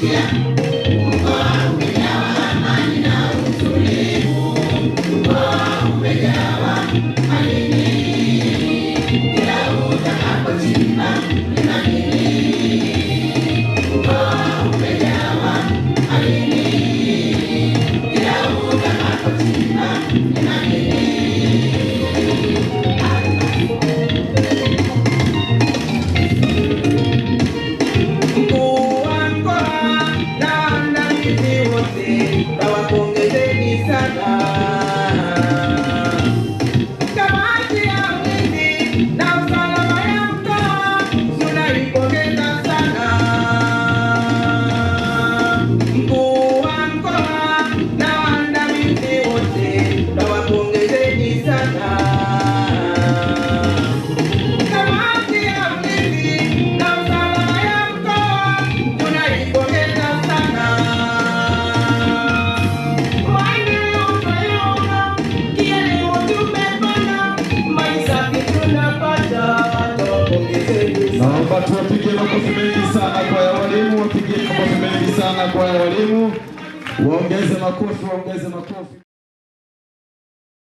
dia. watu wapige makofi mengi sana kwa ya walimu, wapige makofi mengi sana kwa ya walimu, waongeze makofi, waongeze makofi.